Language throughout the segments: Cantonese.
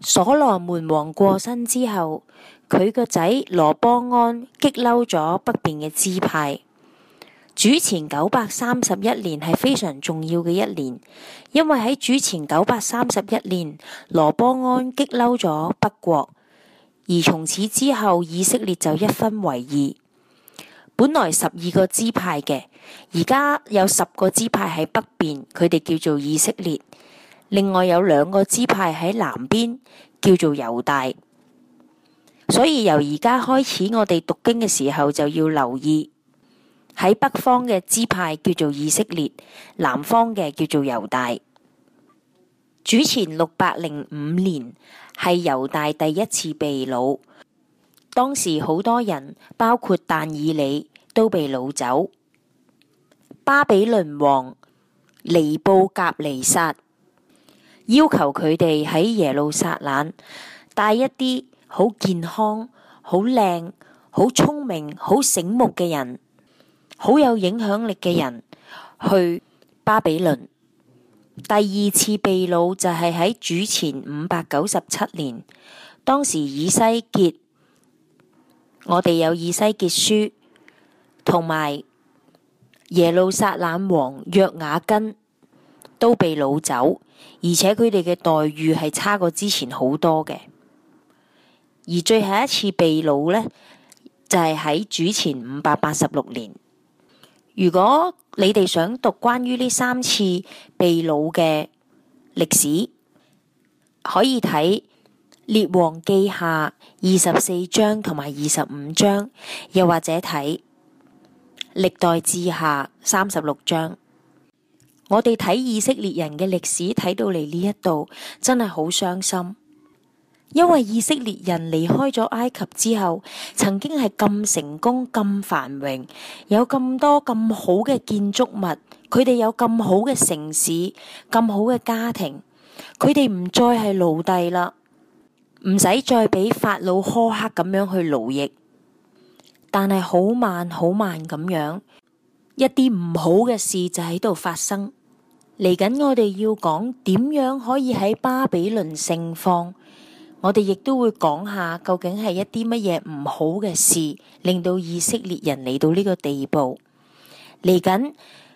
所羅門王過身之後，佢個仔羅波安激嬲咗北邊嘅支派。主前九百三十一年係非常重要嘅一年，因為喺主前九百三十一年，羅波安激嬲咗北國，而從此之後，以色列就一分為二。本來十二個支派嘅，而家有十個支派喺北邊，佢哋叫做以色列。另外有兩個支派喺南邊，叫做猶大。所以由而家開始，我哋讀經嘅時候就要留意喺北方嘅支派叫做以色列，南方嘅叫做猶大。主前六百零五年係猶大第一次被擄，當時好多人，包括但以理，都被擄走。巴比倫王尼布甲尼撒。要求佢哋喺耶路撒冷帶一啲好健康、好靚、好聰明、好醒目嘅人，好有影響力嘅人去巴比倫。第二次被擄就係喺主前五百九十七年，當時以西結，我哋有以西結書，同埋耶路撒冷王約雅根都被擄走。而且佢哋嘅待遇係差過之前好多嘅，而最後一次秘魯呢，就係喺主前五百八十六年。如果你哋想讀關於呢三次秘魯嘅歷史，可以睇《列王記下》二十四章同埋二十五章，又或者睇《歷代志下》三十六章。我哋睇以色列人嘅歷史，睇到嚟呢一度真係好傷心，因為以色列人離開咗埃及之後，曾經係咁成功、咁繁榮，有咁多咁好嘅建築物，佢哋有咁好嘅城市、咁好嘅家庭，佢哋唔再係奴隸啦，唔使再俾法老苛刻咁樣去勞役，但係好慢、好慢咁樣，一啲唔好嘅事就喺度發生。嚟緊，我哋要講點樣可以喺巴比倫盛放。我哋亦都會講下究竟係一啲乜嘢唔好嘅事，令到以色列人嚟到呢個地步。嚟緊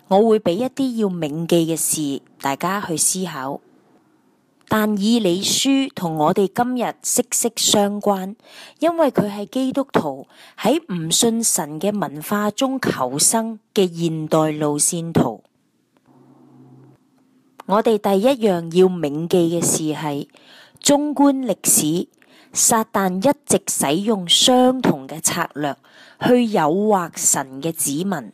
我會俾一啲要銘記嘅事，大家去思考。但以理書同我哋今日息息相關，因為佢係基督徒喺唔信神嘅文化中求生嘅現代路線圖。我哋第一樣要銘記嘅事係，縱觀歷史，撒旦一直使用相同嘅策略去誘惑神嘅子民。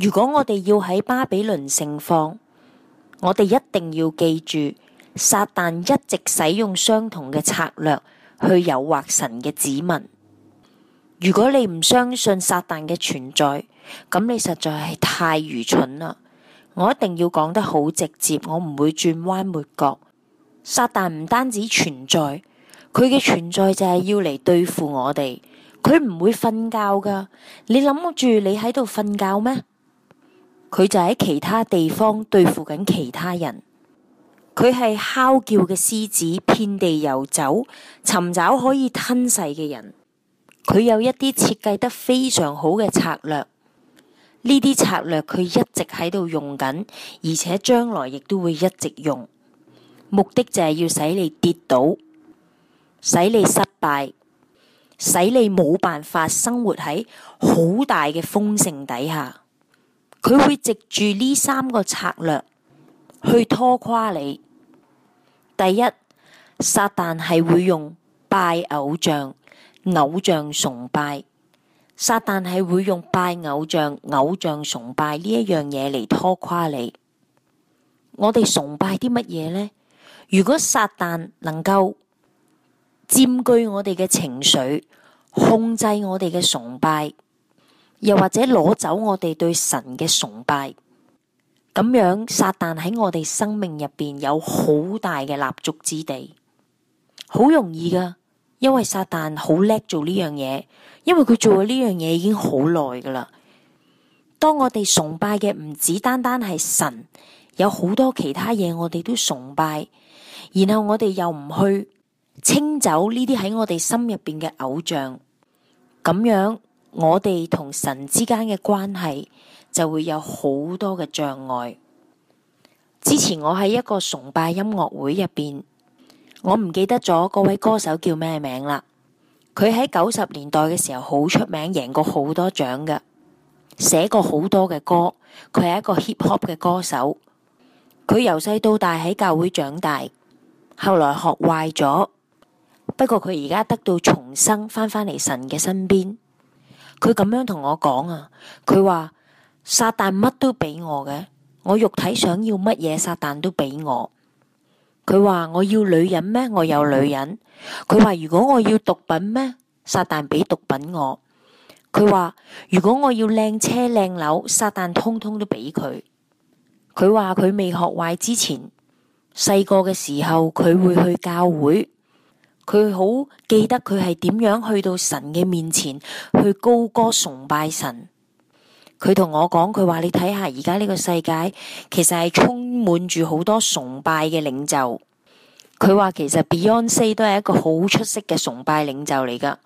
如果我哋要喺巴比倫盛放，我哋一定要記住，撒旦一直使用相同嘅策略去誘惑神嘅子民。如果你唔相信撒旦嘅存在，咁你實在係太愚蠢啦。我一定要講得好直接，我唔會轉彎抹角。撒旦唔單止存在，佢嘅存在就係要嚟對付我哋。佢唔會瞓覺㗎，你諗住你喺度瞓覺咩？佢就喺其他地方對付緊其他人。佢係嚎叫嘅獅子，遍地游走，尋找可以吞噬嘅人。佢有一啲設計得非常好嘅策略。呢啲策略佢一直喺度用緊，而且將來亦都會一直用。目的就係要使你跌倒，使你失敗，使你冇辦法生活喺好大嘅豐盛底下。佢會藉住呢三個策略去拖垮你。第一，撒旦係會用拜偶像、偶像崇拜。撒旦係會用拜偶像、偶像崇拜呢一樣嘢嚟拖垮你。我哋崇拜啲乜嘢呢？如果撒旦能夠佔據我哋嘅情緒，控制我哋嘅崇拜，又或者攞走我哋對神嘅崇拜，咁樣撒旦喺我哋生命入邊有好大嘅立足之地。好容易噶，因為撒旦好叻做呢樣嘢。因為佢做呢樣嘢，已經好耐噶啦。當我哋崇拜嘅唔止單單係神，有好多其他嘢，我哋都崇拜，然後我哋又唔去清走呢啲喺我哋心入邊嘅偶像，咁樣我哋同神之間嘅關係就會有好多嘅障礙。之前我喺一個崇拜音樂會入邊，我唔記得咗嗰位歌手叫咩名啦。佢喺九十年代嘅時候好出名，贏過好多獎嘅，寫過好多嘅歌。佢係一個 hip hop 嘅歌手。佢由細到大喺教會長大，後來學壞咗。不過佢而家得到重生回回，翻返嚟神嘅身邊。佢咁樣同我講啊，佢話撒旦乜都俾我嘅，我肉體想要乜嘢，撒旦都俾我。佢話我要女人咩？我有女人。佢話如果我要毒品咩？撒旦俾毒品我。佢話如果我要靚車靚樓，撒旦通通都俾佢。佢話佢未學壞之前，細個嘅時候佢會去教會，佢好記得佢係點樣去到神嘅面前去高歌崇拜神。佢同我講，佢話你睇下而家呢個世界其實係充滿住好多崇拜嘅領袖。佢話其實 Beyonce 都係一個好出色嘅崇拜領袖嚟噶，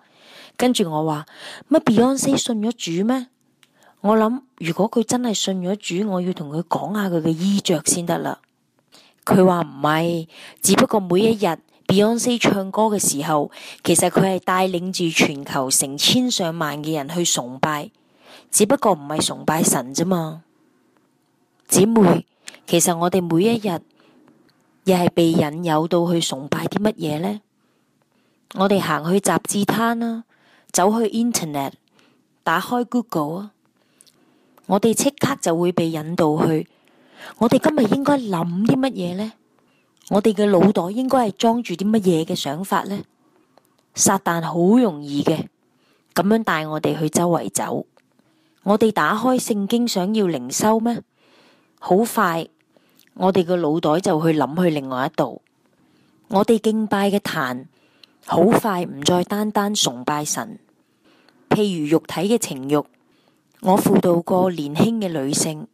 跟住我話乜 Beyonce 信咗主咩？我諗如果佢真係信咗主，我要同佢講下佢嘅衣着先得啦。佢話唔係，只不過每一日 Beyonce 唱歌嘅時候，其實佢係帶領住全球成千上萬嘅人去崇拜，只不過唔係崇拜神咋嘛。姊妹，其實我哋每一日，又係被引誘到去崇拜啲乜嘢呢？我哋行去雜誌攤啦，走去 Internet，打開 Google 啊！我哋即刻就會被引導去。我哋今日應該諗啲乜嘢呢？我哋嘅腦袋應該係裝住啲乜嘢嘅想法呢？撒旦好容易嘅，咁樣帶我哋去周圍走。我哋打開聖經，想要靈修咩？好快。我哋個腦袋就去諗去另外一度，我哋敬拜嘅壇好快唔再單單崇拜神。譬如肉體嘅情欲，我輔導過年輕嘅女性，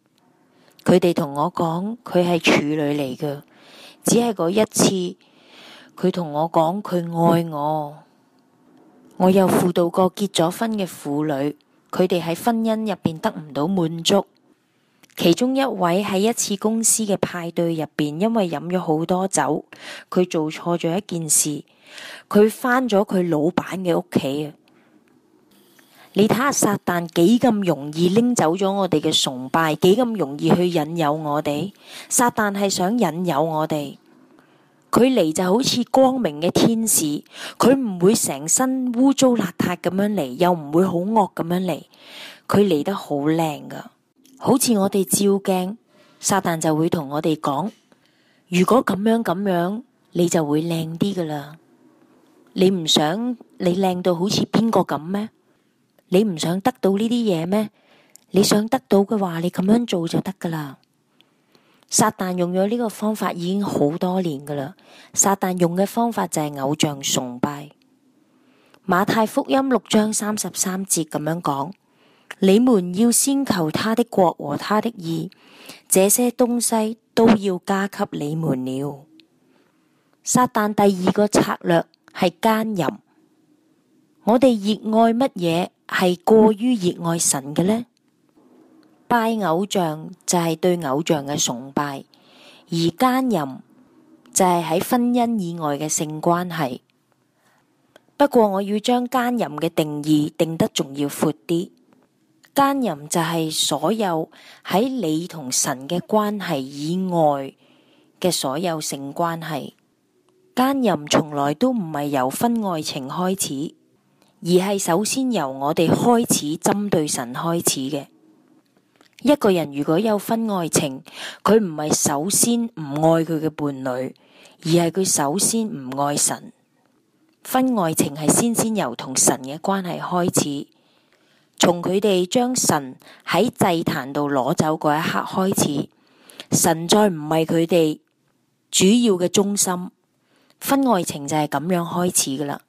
佢哋同我講佢係處女嚟嘅，只係嗰一次，佢同我講佢愛我。我又輔導過結咗婚嘅婦女，佢哋喺婚姻入邊得唔到滿足。其中一位喺一次公司嘅派對入邊，因為飲咗好多酒，佢做錯咗一件事，佢返咗佢老闆嘅屋企啊！你睇下撒旦幾咁容易拎走咗我哋嘅崇拜，幾咁容易去引誘我哋？撒旦係想引誘我哋。佢嚟就好似光明嘅天使，佢唔會成身污糟邋遢咁樣嚟，又唔會好惡咁樣嚟，佢嚟得好靚㗎。好似我哋照鏡，撒旦就會同我哋講：如果咁樣咁樣，你就會靚啲噶啦。你唔想你靚到好似邊個咁咩？你唔想得到呢啲嘢咩？你想得到嘅話，你咁樣做就得噶啦。撒旦用咗呢個方法已經好多年噶啦。撒旦用嘅方法就係偶像崇拜。馬太福音六章三十三節咁樣講。你們要先求他的國和他的義，這些東西都要加給你們了。撒旦第二個策略係姦淫，我哋熱愛乜嘢係過於熱愛神嘅呢？拜偶像就係對偶像嘅崇拜，而姦淫就係喺婚姻以外嘅性關係。不過，我要將姦淫嘅定義定得仲要闊啲。奸淫就係所有喺你同神嘅關係以外嘅所有性關係。奸淫從來都唔係由婚外情開始，而係首先由我哋開始針對神開始嘅。一個人如果有婚外情，佢唔係首先唔愛佢嘅伴侶，而係佢首先唔愛神。婚外情係先先由同神嘅關係開始。從佢哋將神喺祭壇度攞走嗰一刻開始，神再唔係佢哋主要嘅中心，婚外情就係咁樣開始噶啦。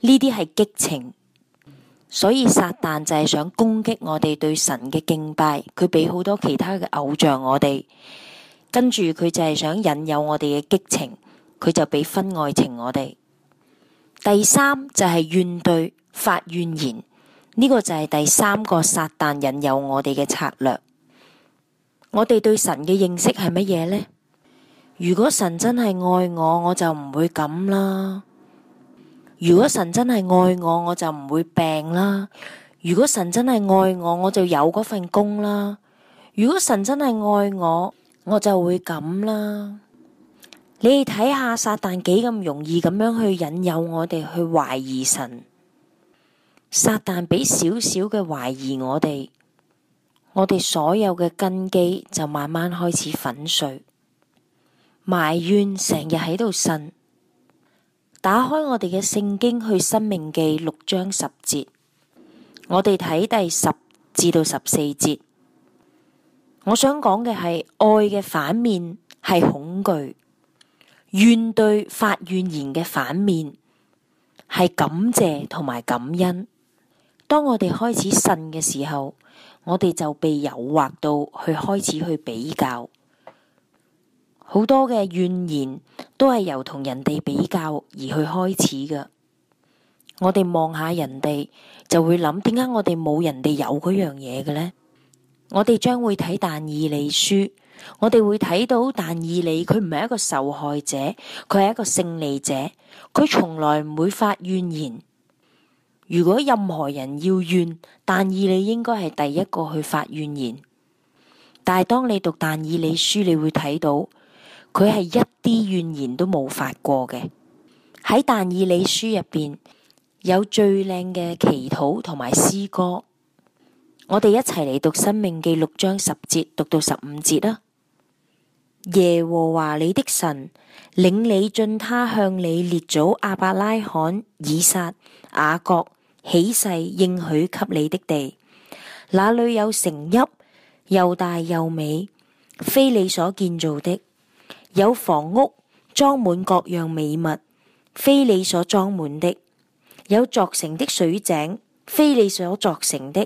呢啲係激情，所以撒旦就係想攻擊我哋對神嘅敬拜，佢俾好多其他嘅偶像我哋。跟住佢就係想引誘我哋嘅激情，佢就俾婚外情我哋。第三就係、是、怨對發怨言。呢個就係第三個撒但引誘我哋嘅策略。我哋對神嘅認識係乜嘢呢？如果神真係愛我，我就唔會咁啦。如果神真係愛我，我就唔會病啦。如果神真係愛我，我就有嗰份工啦。如果神真係愛我，我就會咁啦。你哋睇下撒但幾咁容易咁樣去引誘我哋去懷疑神。撒旦畀少少嘅懷疑我哋，我哋所有嘅根基就慢慢開始粉碎、埋怨，成日喺度呻。打開我哋嘅聖經去申命記六章十節，我哋睇第十至到十四節。我想講嘅係愛嘅反面係恐懼，怨對發怨言嘅反面係感謝同埋感恩。當我哋開始信嘅時候，我哋就被誘惑到去開始去比較，好多嘅怨言都係由同人哋比較而去開始㗎。我哋望下人哋，就會諗點解我哋冇人哋有嗰樣嘢嘅呢？我哋將會睇但以理書，我哋會睇到但以理。佢唔係一個受害者，佢係一個勝利者，佢從來唔會發怨言。如果任何人要怨，但以理應該係第一個去發怨言。但係當你讀但以理書，你會睇到佢係一啲怨言都冇發過嘅。喺但以理書入邊有最靚嘅祈禱同埋詩歌。我哋一齊嚟讀《生命記》六章十節，讀到十五節啦。耶和華你的神領你進他向你列祖亞伯拉罕、以撒、雅各起誓應許給你的地，那裏有城邑又大又美，非你所建造的；有房屋裝滿各樣美物，非你所裝滿的；有鑿成的水井，非你所鑿成的；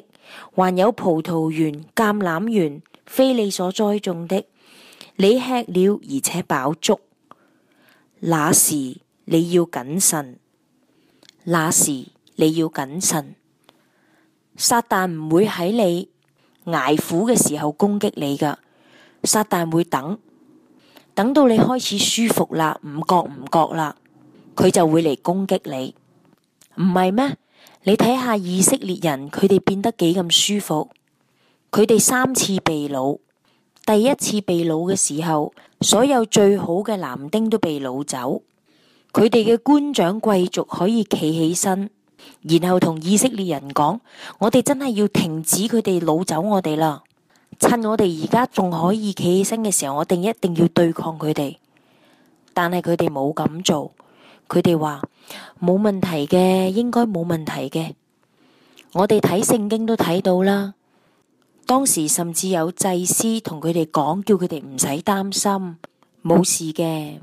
還有葡萄園、橄欖園，非你所栽種的。你吃了，而且飽足，那時你要謹慎，那時你要謹慎。撒旦唔會喺你捱苦嘅時候攻擊你㗎，撒旦會等，等到你開始舒服啦，唔覺唔覺啦，佢就會嚟攻擊你。唔係咩？你睇下以色列人，佢哋變得幾咁舒服，佢哋三次被擄。第一次被擄嘅時候，所有最好嘅男丁都被擄走。佢哋嘅官長貴族可以企起身，然後同以色列人講：我哋真係要停止佢哋擄走我哋啦！趁我哋而家仲可以企起身嘅時候，我哋一定要對抗佢哋。但係佢哋冇咁做，佢哋話冇問題嘅，應該冇問題嘅。我哋睇聖經都睇到啦。當時甚至有祭司同佢哋講，叫佢哋唔使擔心，冇事嘅。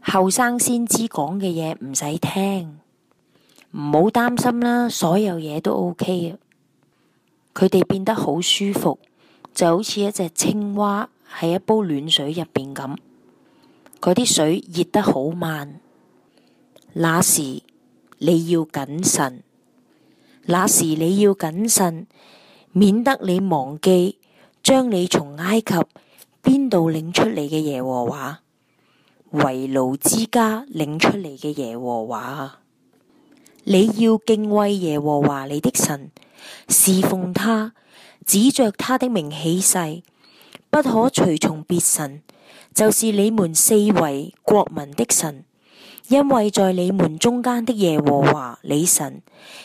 後生先知講嘅嘢唔使聽，唔好擔心啦，所有嘢都 O K。佢哋變得好舒服，就好似一隻青蛙喺一煲暖水入邊咁。嗰啲水熱得好慢。那時你要謹慎，那時你要謹慎。免得你忘記將你從埃及邊度領出嚟嘅耶和華，為奴之家領出嚟嘅耶和華。你要敬畏耶和華你的神，侍奉他，指着他的名起誓，不可隨從別神，就是你們四圍國民的神，因為在你們中間的耶和華你神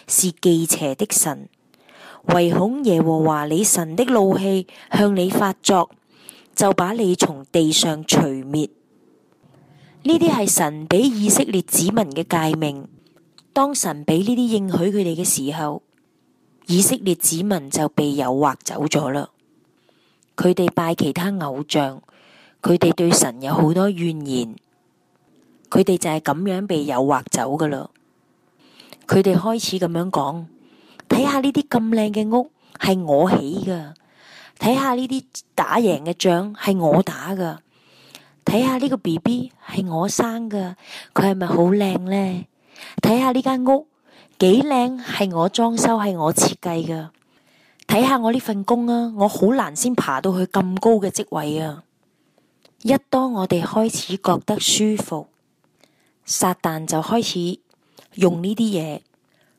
是忌邪的神。唯恐耶和華你神的怒氣向你發作，就把你從地上除滅。呢啲係神俾以色列子民嘅誡命。當神俾呢啲應許佢哋嘅時候，以色列子民就被誘惑走咗啦。佢哋拜其他偶像，佢哋對神有好多怨言，佢哋就係咁樣被誘惑走噶啦。佢哋開始咁樣講。睇下呢啲咁靚嘅屋係我起噶，睇下呢啲打贏嘅仗係我打噶，睇下呢個 BB 係我生噶，佢係咪好靚呢？睇下呢間屋幾靚，係我裝修，係我設計噶。睇下我呢份工啊，我好難先爬到去咁高嘅職位啊！一當我哋開始覺得舒服，撒旦就開始用呢啲嘢。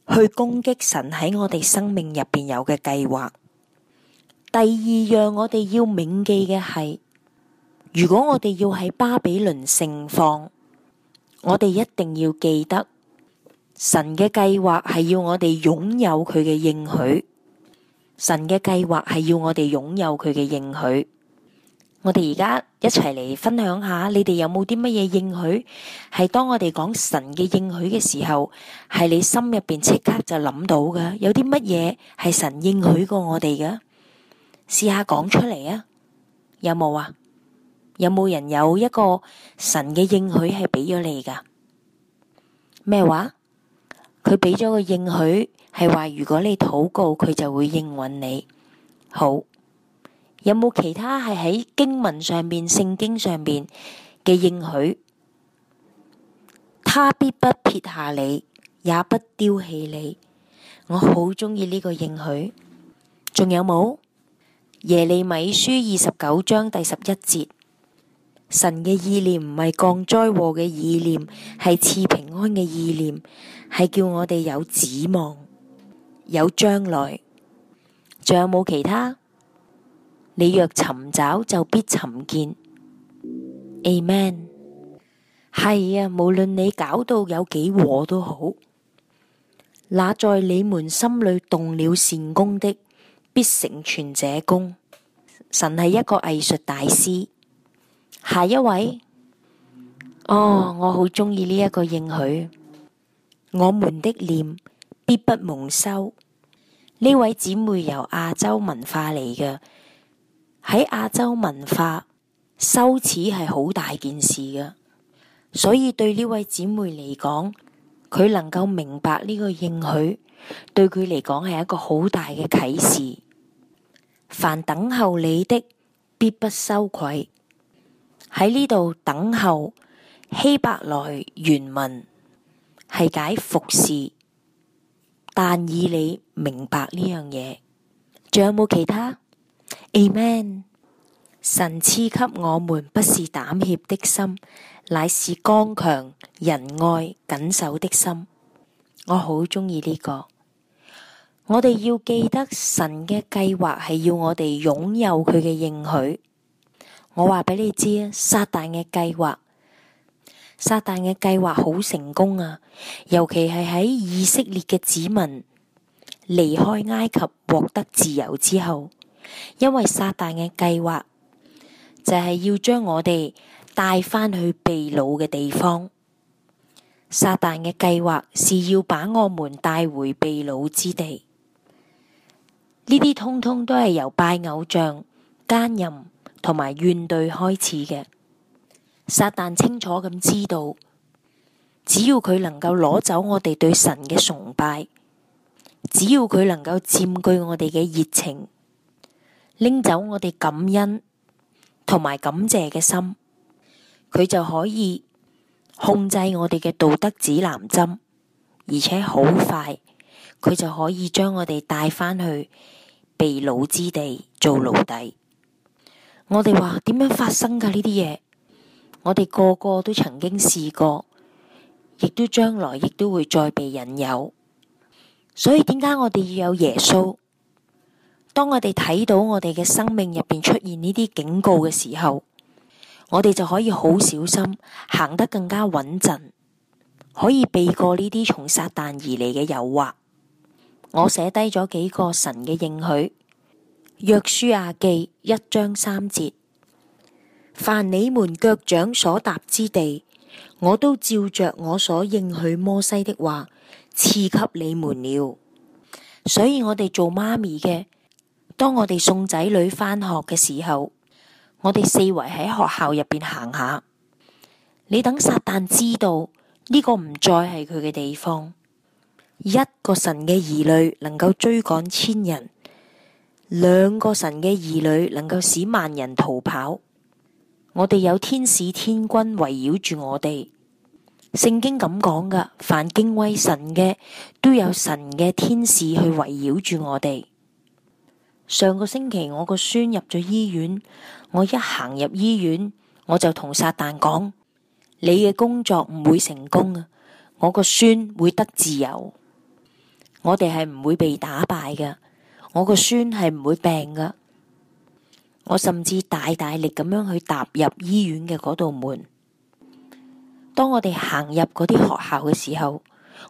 去攻擊神喺我哋生命入面有嘅計劃。第二樣，我哋要銘記嘅係，如果我哋要喺巴比倫盛放，我哋一定要記得，神嘅計劃係要我哋擁有佢嘅應許。神嘅計劃係要我哋擁有佢嘅應許。我哋而家一齊嚟分享下你有有，你哋有冇啲乜嘢應許？係當我哋講神嘅應許嘅時候，係你心入邊即刻就諗到嘅，有啲乜嘢係神應許過我哋嘅？試下講出嚟啊！有冇啊？有冇人有一個神嘅應許係俾咗你噶？咩話？佢俾咗個應許，係話如果你禱告，佢就會應允你。好。有冇其他係喺經文上面、聖經上面嘅應許？他必不撇下你，也不丟棄你。我好鍾意呢個應許。仲有冇耶利米書二十九章第十一節？神嘅意念唔係降災禍嘅意念，係賜平安嘅意念，係叫我哋有指望、有將來。仲有冇其他？你若尋找，就必尋見。Amen。係啊，無論你搞到有幾和都好，那在你們心裏動了善功的，必成全這功。神係一個藝術大師。下一位哦，我好中意呢一個應許，我們的臉必不蒙羞。呢位姊妹由亞洲文化嚟嘅。喺亞洲文化，羞恥係好大件事嘅，所以對呢位姐妹嚟講，佢能夠明白呢個應許，對佢嚟講係一個好大嘅啟示。凡等候你的，必不羞愧。喺呢度等候希伯來原文係解服侍，但以你明白呢樣嘢，仲有冇其他？Amen。神賜給我們不是膽怯的心，乃是剛強、仁愛、謹守的心。我好鍾意呢個。我哋要記得神嘅計劃係要我哋擁有佢嘅應許。我話俾你知啊，撒旦嘅計劃，撒旦嘅計劃好成功啊，尤其係喺以色列嘅子民離開埃及獲得自由之後。因為撒旦嘅計劃就係、是、要將我哋帶翻去秘魯嘅地方。撒旦嘅計劃是要把我們帶回秘魯之地。呢啲通通都係由拜偶像、奸淫同埋怨對開始嘅。撒旦清楚咁知道，只要佢能夠攞走我哋對神嘅崇拜，只要佢能夠佔據我哋嘅熱情。拎走我哋感恩同埋感謝嘅心，佢就可以控制我哋嘅道德指南針，而且好快佢就可以將我哋帶翻去秘魯之地做奴隸。我哋話點樣發生噶呢啲嘢？我哋個個都曾經試過，亦都將來亦都會再被引誘，所以點解我哋要有耶穌？當我哋睇到我哋嘅生命入邊出現呢啲警告嘅時候，我哋就可以好小心行得更加穩陣，可以避過呢啲從撒旦而嚟嘅誘惑。我寫低咗幾個神嘅應許，約書亞記一章三節，凡你們腳掌所踏之地，我都照着我所應許摩西的話賜給你們了。所以我哋做媽咪嘅。當我哋送仔女返學嘅時候，我哋四圍喺學校入邊行下，你等撒旦知道呢個唔再係佢嘅地方。一個神嘅兒女能夠追趕千人，兩個神嘅兒女能夠使萬人逃跑。我哋有天使天軍圍繞住我哋。聖經咁講噶，凡敬畏神嘅，都有神嘅天使去圍繞住我哋。上個星期我個孫入咗醫院，我一行入醫院我就同撒旦講：你嘅工作唔會成功啊！我個孫會得自由，我哋係唔會被打敗嘅。我個孫係唔會病噶。我甚至大大力咁樣去踏入醫院嘅嗰道門。當我哋行入嗰啲學校嘅時候，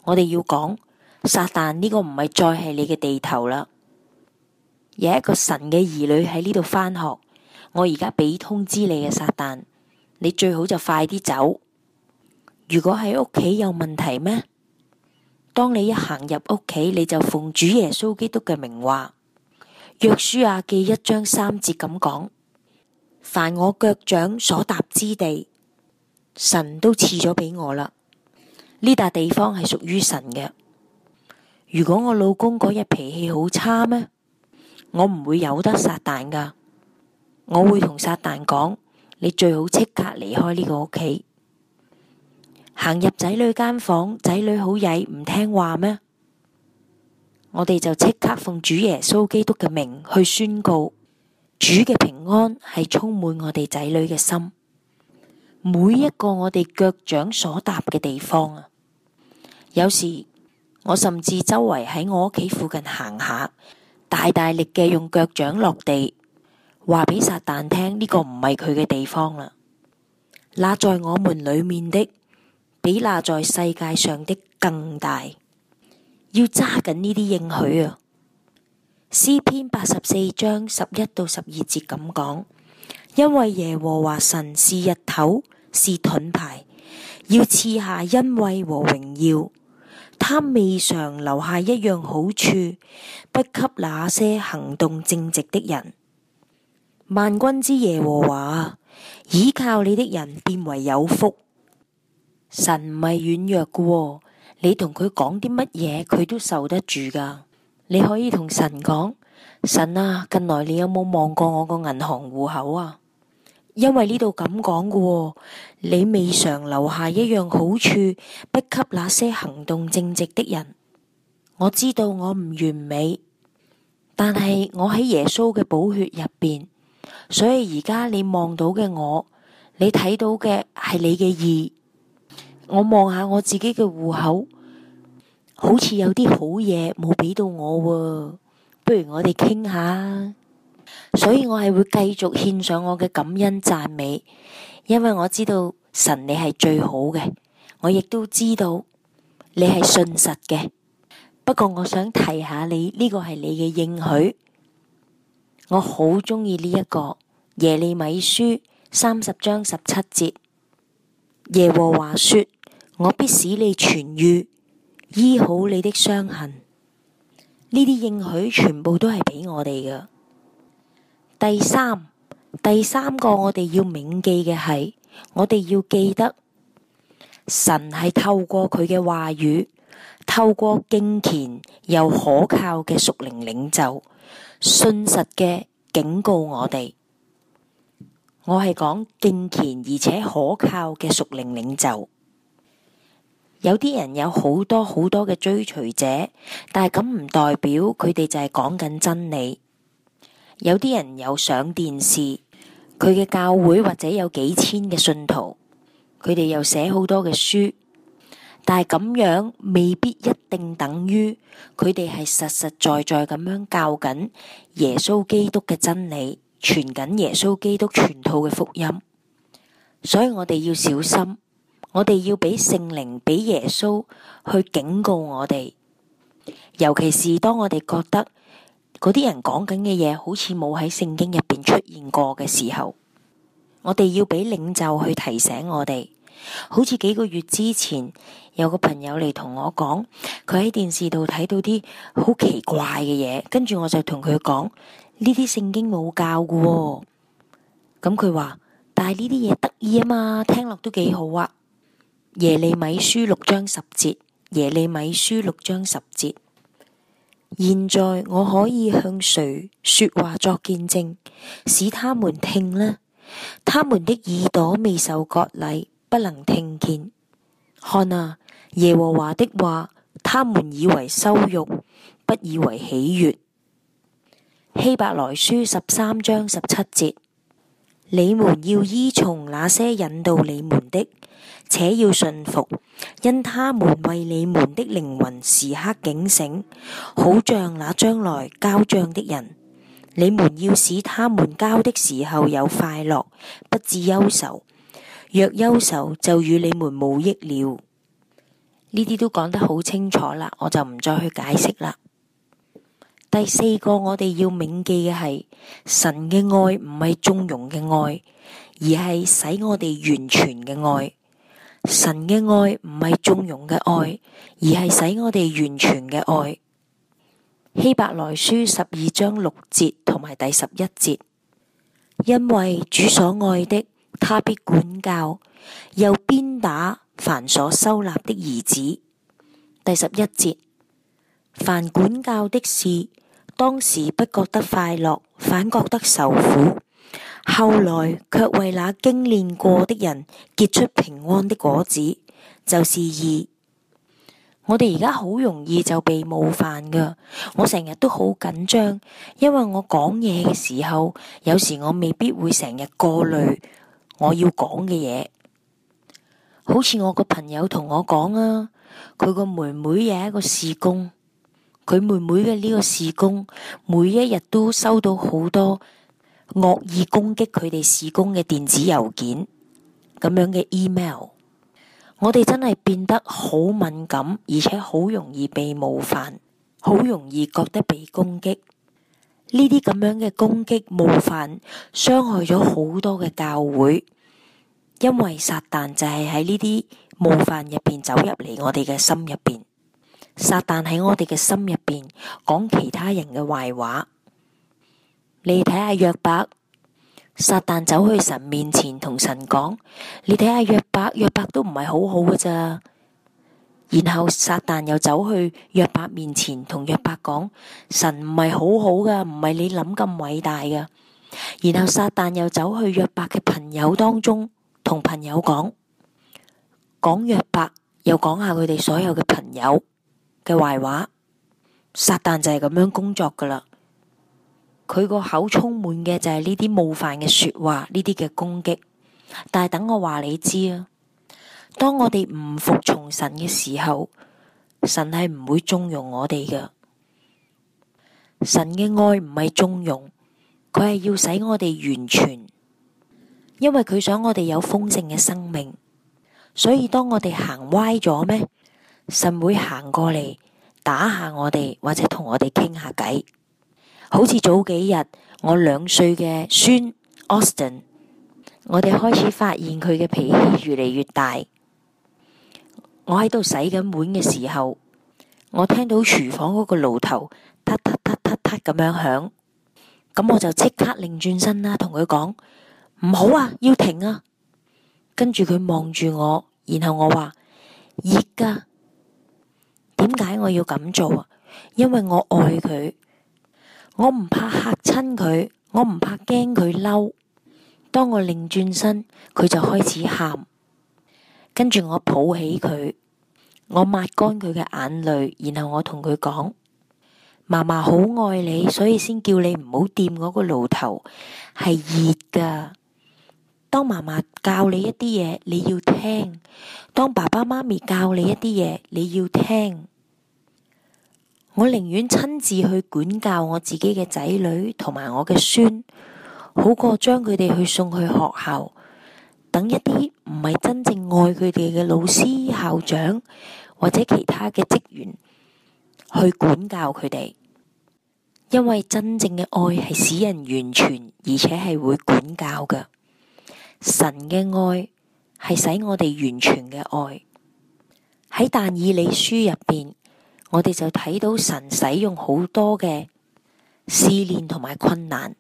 我哋要講撒旦呢個唔係再係你嘅地頭啦。有一個神嘅兒女喺呢度返學，我而家俾通知你嘅、啊、撒旦，你最好就快啲走。如果喺屋企有問題咩？當你一行入屋企，你就奉主耶穌基督嘅名話。約書亞記一章三節咁講：凡我腳掌所踏之地，神都賜咗俾我啦。呢笪地方係屬於神嘅。如果我老公嗰日脾氣好差咩？我唔會有得撒旦噶，我會同撒旦講：你最好即刻離開呢個屋企，行入仔女間房。仔女好曳唔聽話咩？我哋就即刻奉主耶穌基督嘅名去宣告：主嘅平安係充滿我哋仔女嘅心，每一個我哋腳掌所踏嘅地方啊！有時我甚至周圍喺我屋企附近行下。大大力嘅用腳掌落地，話俾撒旦聽，呢個唔係佢嘅地方啦。那在我們裏面的，比那在世界上的更大。要揸緊呢啲應許啊！詩篇八十四章十一到十二節咁講，因為耶和華神是日頭，是盾牌，要賜下恩惠和榮耀。他未嘗留下一樣好處，不給那些行動正直的人。萬軍之耶和華，倚靠你的人變為有福。神唔係軟弱㗎喎，你同佢講啲乜嘢佢都受得住噶。你可以同神講，神啊，近來你有冇望過我個銀行戶口啊？因為呢度咁講嘅喎，你未嘗留下一樣好處，不給那些行動正直的人。我知道我唔完美，但係我喺耶穌嘅寶血入邊，所以而家你望到嘅我，你睇到嘅係你嘅義。我望下我自己嘅戶口，好似有啲好嘢冇俾到我，哦，不如我哋傾下。所以我係會繼續獻上我嘅感恩讚美，因為我知道神你係最好嘅，我亦都知道你係信實嘅。不過我想提下你呢，呢個係你嘅應許，我好中意呢一個耶利米書三十章十七節，耶和華說：我必使你痊癒，醫好你的傷痕。呢啲應許全部都係俾我哋嘅。第三，第三個我哋要銘記嘅係，我哋要記得神係透過佢嘅話語，透過敬虔又可靠嘅屬靈領袖，信實嘅警告我哋。我係講敬虔而且可靠嘅屬靈領袖。有啲人有好多好多嘅追隨者，但係咁唔代表佢哋就係講緊真理。有啲人有上電視，佢嘅教會或者有幾千嘅信徒，佢哋又寫好多嘅書，但係咁樣未必一定等於佢哋係實實在在咁樣教緊耶穌基督嘅真理，傳緊耶穌基督全套嘅福音。所以我哋要小心，我哋要俾聖靈俾耶穌去警告我哋，尤其是當我哋覺得。嗰啲人講緊嘅嘢，好似冇喺聖經入邊出現過嘅時候，我哋要俾領袖去提醒我哋。好似幾個月之前有個朋友嚟同我講，佢喺電視度睇到啲好奇怪嘅嘢，跟住我就同佢講，呢啲聖經冇教噶、哦。咁佢話，但係呢啲嘢得意啊嘛，聽落都幾好啊。耶利米書六章十節，耶利米書六章十節。現在我可以向誰說話作見證，使他們聽呢？他們的耳朵未受割禮，不能聽見。看啊，耶和華的話，他們以為羞辱，不以為喜悦。希伯來書十三章十七節：你們要依從那些引導你們的，且要信服。因他們為你們的靈魂時刻警醒，好像那將來交賬的人。你們要使他們交的時候有快樂，不至憂愁。若憂愁，就與你們無益了。呢啲都講得好清楚啦，我就唔再去解釋啦。第四個我哋要銘記嘅係神嘅愛唔係縱容嘅愛，而係使我哋完全嘅愛。神嘅愛唔係縱容嘅愛，而係使我哋完全嘅愛。希伯來書十二章六節同埋第十一節，因為主所愛的，他必管教，又鞭打凡所收納的兒子。第十一節，凡管教的事，當時不覺得快樂，反覺得受苦。後來卻為那經練過的人結出平安的果子，就是義。我哋而家好容易就被冒犯噶，我成日都好緊張，因為我講嘢嘅時候，有時我未必會成日過濾我要講嘅嘢。好似我個朋友同我講啊，佢個妹妹有一個事工，佢妹妹嘅呢個事工，每一日都收到好多。惡意攻擊佢哋事工嘅電子郵件咁樣嘅 email，我哋真係變得好敏感，而且好容易被冒犯，好容易覺得被攻擊。呢啲咁樣嘅攻擊、冒犯，傷害咗好多嘅教會。因為撒旦就係喺呢啲冒犯入邊走入嚟我哋嘅心入邊，撒旦喺我哋嘅心入邊講其他人嘅壞話。你睇下約伯，撒旦走去神面前同神講，你睇下約伯，約伯都唔係好好噶咋。然後撒旦又走去約伯面前同約伯講，神唔係好好噶，唔係你諗咁偉大噶。然後撒旦又走去約伯嘅朋友當中，同朋友講，講約伯，又講下佢哋所有嘅朋友嘅壞話。撒旦就係咁樣工作噶啦。佢個口充滿嘅就係呢啲冒犯嘅說話，呢啲嘅攻擊。但係等我話你知啊，當我哋唔服從神嘅時候，神係唔會縱容我哋㗎。神嘅愛唔係縱容，佢係要使我哋完全，因為佢想我哋有豐盛嘅生命。所以當我哋行歪咗咩，神會行過嚟打下我哋，或者同我哋傾下偈。好似早幾日，我兩歲嘅孫 Austin，我哋開始發現佢嘅脾氣越嚟越大。我喺度洗緊碗嘅時候，我聽到廚房嗰個爐頭嗒嗒嗒嗒嗒咁樣響，咁我就即刻擰轉身啦，同佢講唔好啊，要停啊。跟住佢望住我，然後我話熱噶。點解我要咁做啊？因為我愛佢。我唔怕嚇親佢，我唔怕驚佢嬲。當我擰轉身，佢就開始喊，跟住我抱起佢，我抹乾佢嘅眼淚，然後我同佢講：嫲嫲好愛你，所以先叫你唔好掂嗰個爐頭，係熱噶。當嫲嫲教你一啲嘢，你要聽；當爸爸媽咪教你一啲嘢，你要聽。我寧願親自去管教我自己嘅仔女同埋我嘅孫，好過將佢哋去送去學校，等一啲唔係真正愛佢哋嘅老師、校長或者其他嘅職員去管教佢哋。因為真正嘅愛係使人完全，而且係會管教嘅。神嘅愛係使我哋完全嘅愛。喺但以理書入邊。我哋就睇到神使用好多嘅試煉同埋困難，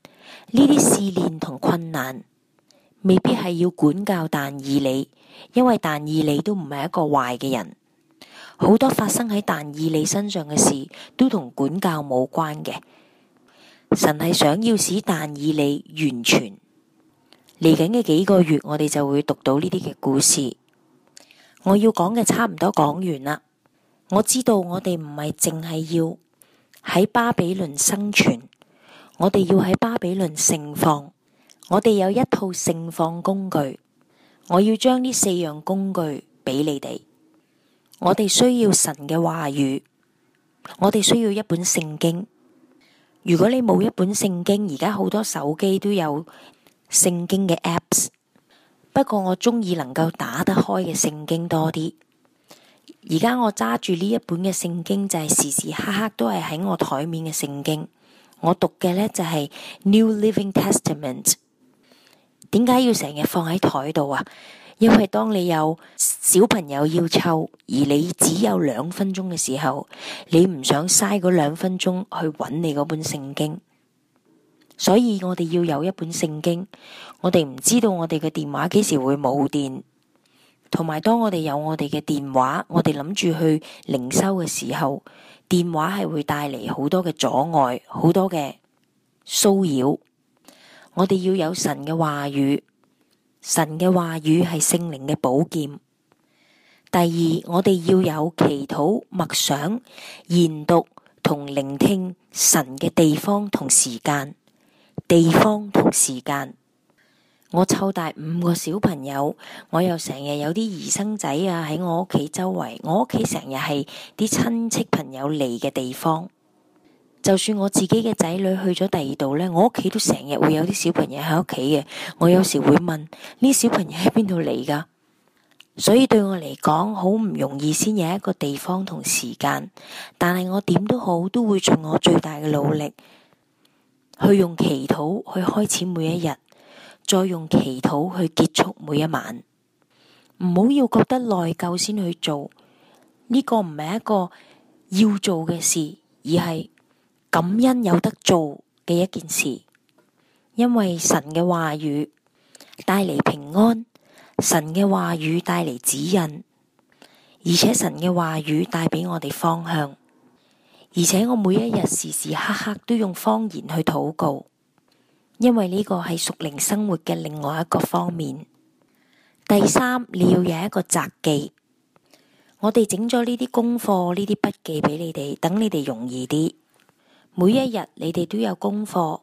呢啲試煉同困難未必係要管教但以理，因為但以理都唔係一個壞嘅人。好多發生喺但以理身上嘅事都同管教冇關嘅，神係想要使但以理完全。嚟緊嘅幾個月，我哋就會讀到呢啲嘅故事。我要講嘅差唔多講完啦。我知道我哋唔係淨係要喺巴比倫生存，我哋要喺巴比倫盛放。我哋有一套盛放工具，我要將呢四樣工具俾你哋。我哋需要神嘅話語，我哋需要一本聖經。如果你冇一本聖經，而家好多手機都有聖經嘅 apps，不過我中意能夠打得開嘅聖經多啲。而家我揸住呢一本嘅聖經，就係時時刻刻都係喺我台面嘅聖經。我讀嘅呢就係 New Living Testament。點解要成日放喺台度啊？因為當你有小朋友要抽，而你只有兩分鐘嘅時候，你唔想嘥嗰兩分鐘去揾你嗰本聖經。所以我哋要有一本聖經。我哋唔知道我哋嘅電話幾時會冇電。同埋，當我哋有我哋嘅電話，我哋諗住去靈修嘅時候，電話係會帶嚟好多嘅阻礙，好多嘅騷擾。我哋要有神嘅話語，神嘅話語係聖靈嘅寶劍。第二，我哋要有祈禱、默想、研讀同聆聽神嘅地方同時間，地方同時間。我湊大五個小朋友，我又成日有啲兒生仔啊喺我屋企周圍。我屋企成日係啲親戚朋友嚟嘅地方。就算我自己嘅仔女去咗第二度咧，我屋企都成日會有啲小朋友喺屋企嘅。我有時會問，呢小朋友喺邊度嚟噶？所以對我嚟講，好唔容易先有一個地方同時間。但係我點都好，都會盡我最大嘅努力去用祈禱去開始每一日。再用祈禱去結束每一晚，唔好要覺得內疚先去做呢個，唔係一個要做嘅事，而係感恩有得做嘅一件事。因為神嘅話語帶嚟平安，神嘅話語帶嚟指引，而且神嘅話語帶俾我哋方向。而且我每一日時時刻刻都用方言去禱告。因為呢個係熟齡生活嘅另外一個方面。第三，你要有一個札記。我哋整咗呢啲功課、呢啲筆記俾你哋，等你哋容易啲。每一日你哋都有功課。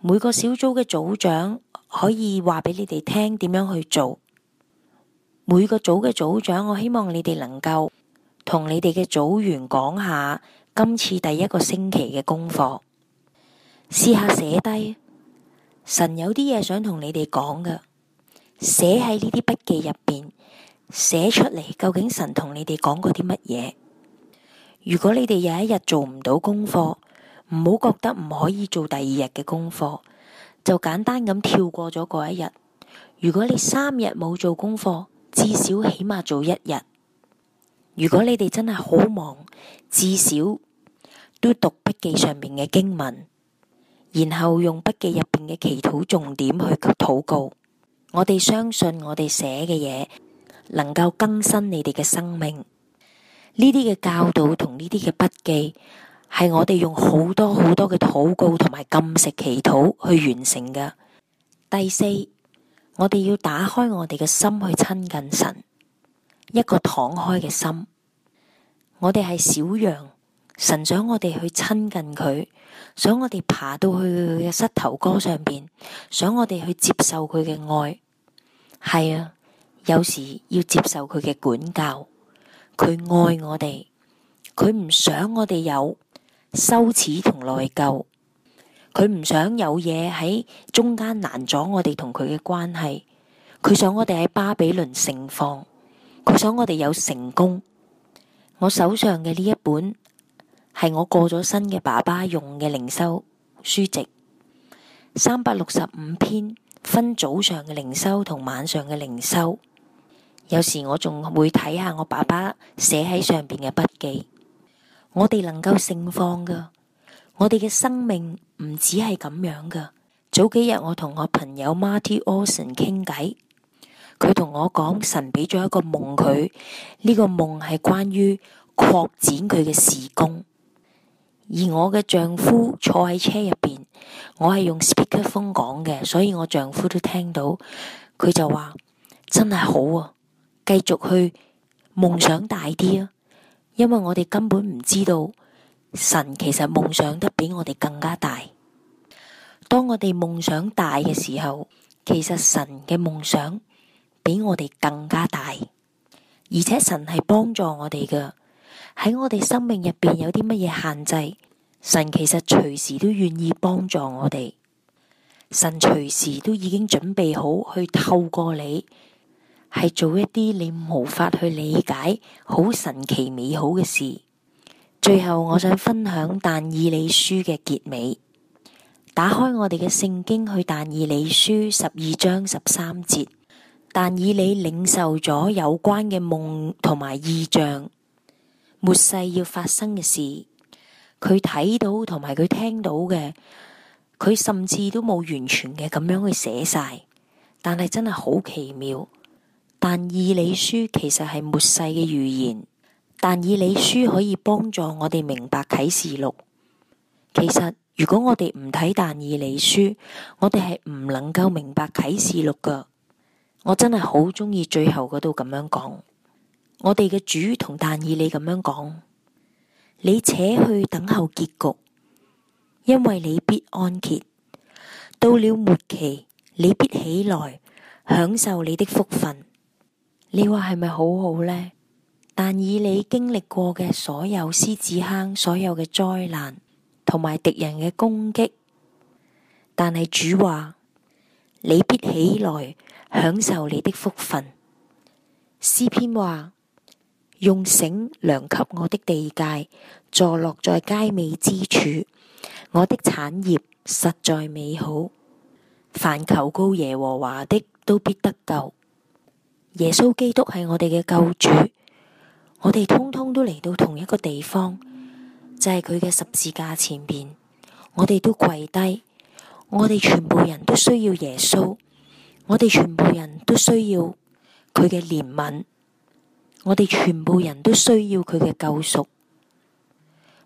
每個小組嘅組長可以話俾你哋聽點樣去做。每個組嘅組長，我希望你哋能夠同你哋嘅組員講下今次第一個星期嘅功課，試下寫低。神有啲嘢想同你哋講㗎，寫喺呢啲筆記入邊，寫出嚟，究竟神同你哋講過啲乜嘢？如果你哋有一日做唔到功課，唔好覺得唔可以做第二日嘅功課，就簡單咁跳過咗嗰一日。如果你三日冇做功課，至少起碼做一日。如果你哋真係好忙，至少都讀筆記上面嘅經文。然後用筆記入邊嘅祈禱重點去禱告。我哋相信我哋寫嘅嘢能夠更新你哋嘅生命。呢啲嘅教導同呢啲嘅筆記，係我哋用好多好多嘅禱告同埋禁食祈禱去完成嘅。第四，我哋要打開我哋嘅心去親近神，一個敞開嘅心。我哋係小羊。神想我哋去親近佢，想我哋爬到去佢嘅膝頭哥上邊，想我哋去接受佢嘅愛。係啊，有時要接受佢嘅管教。佢愛我哋，佢唔想我哋有羞恥同內疚，佢唔想有嘢喺中間攔阻我哋同佢嘅關係。佢想我哋喺巴比倫盛放，佢想我哋有成功。我手上嘅呢一本，係我過咗身嘅爸爸用嘅靈修書籍，三百六十五篇，分早上嘅靈修同晚上嘅靈修。有時我仲會睇下我爸爸寫喺上邊嘅筆記。我哋能夠盛放噶，我哋嘅生命唔只係咁樣噶。早幾日我同我朋友 Martin Olsen 傾偈，佢同我講神俾咗一個夢佢，呢個夢係關於擴展佢嘅事工。而我嘅丈夫坐喺車入邊，我係用 speakerphone 講嘅，所以我丈夫都聽到，佢就話真係好啊！繼續去夢想大啲啊！因為我哋根本唔知道神其實夢想得比我哋更加大。當我哋夢想大嘅時候，其實神嘅夢想比我哋更加大，而且神係幫助我哋嘅。喺我哋生命入邊有啲乜嘢限制，神其實隨時都願意幫助我哋，神隨時都已經準備好去透過你，係做一啲你無法去理解好神奇美好嘅事。最後我想分享但以理書嘅結尾，打開我哋嘅聖經去但以理書十二章十三節，但以理領受咗有關嘅夢同埋異象。末世要發生嘅事，佢睇到同埋佢聽到嘅，佢甚至都冇完全嘅咁樣去寫晒。但係真係好奇妙。但以理書其實係末世嘅預言，但以理書可以幫助我哋明白啟示錄。其實如果我哋唔睇但以理書，我哋係唔能夠明白啟示錄㗎。我真係好中意最後嗰度咁樣講。我哋嘅主同但以理咁樣講，你且去等候結局，因為你必安歇，到了末期，你必起來享受你的福分。你話係咪好好呢？但以理經歷過嘅所有獅子坑，所有嘅災難，同埋敵人嘅攻擊，但係主話你必起來享受你的福分。詩篇話。用繩量給我的地界，坐落在佳美之處。我的產業實在美好，凡求告耶和華的都必得救。耶穌基督係我哋嘅救主，我哋通通都嚟到同一個地方，就係佢嘅十字架前面。我哋都跪低，我哋全部人都需要耶穌，我哋全部人都需要佢嘅憐憫。我哋全部人都需要佢嘅救贖，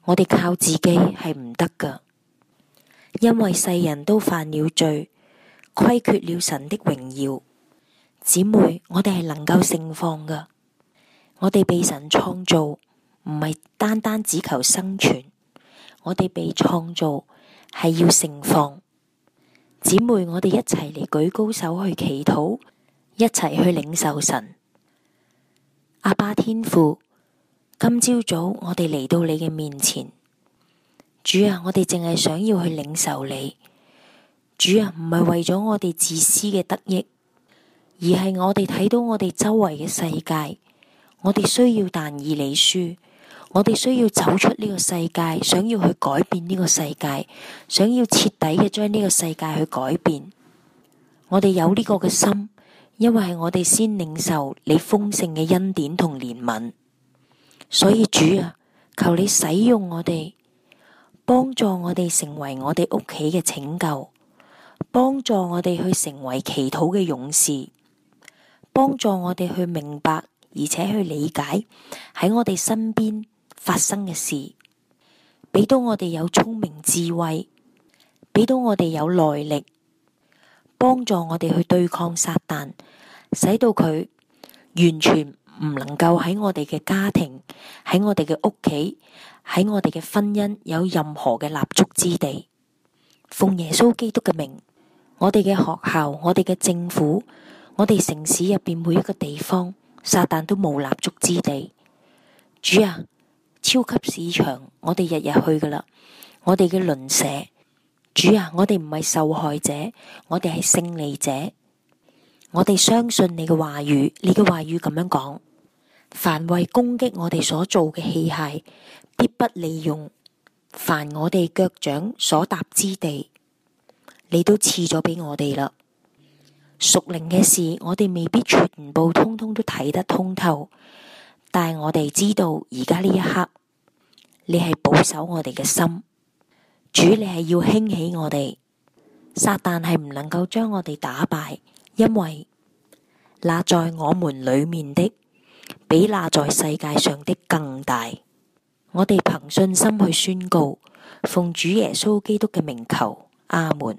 我哋靠自己係唔得㗎，因為世人都犯了罪，虧缺了神的榮耀。姊妹，我哋係能夠盛放㗎，我哋被神創造，唔係單單只求生存，我哋被創造係要盛放。姊妹，我哋一齊嚟舉高手去祈禱，一齊去領受神。阿爸天父，今朝早，早我哋嚟到你嘅面前，主啊，我哋淨係想要去領受你，主啊，唔係為咗我哋自私嘅得益，而係我哋睇到我哋周圍嘅世界，我哋需要但以理書，我哋需要走出呢個世界，想要去改變呢個世界，想要徹底嘅將呢個世界去改變，我哋有呢個嘅心。因為係我哋先領受你豐盛嘅恩典同憐憫，所以主啊，求你使用我哋，幫助我哋成為我哋屋企嘅拯救，幫助我哋去成為祈禱嘅勇士，幫助我哋去明白而且去理解喺我哋身邊發生嘅事，俾到我哋有聰明智慧，俾到我哋有耐力。幫助我哋去對抗撒旦，使到佢完全唔能夠喺我哋嘅家庭、喺我哋嘅屋企、喺我哋嘅婚姻有任何嘅立足之地。奉耶穌基督嘅名，我哋嘅學校、我哋嘅政府、我哋城市入邊每一個地方，撒旦都冇立足之地。主啊，超級市場我哋日日去噶啦，我哋嘅鄰舍。主啊，我哋唔係受害者，我哋係勝利者。我哋相信你嘅話語，你嘅話語咁樣講：凡為攻擊我哋所做嘅器械，必不利用；凡我哋腳掌所踏之地，你都賜咗畀我哋啦。屬靈嘅事，我哋未必全部通通都睇得通透，但係我哋知道而家呢一刻，你係保守我哋嘅心。主，你係要興起我哋，撒旦係唔能夠將我哋打敗，因為那在我們裏面的比那在世界上的更大。我哋憑信心去宣告，奉主耶穌基督嘅名求，阿門。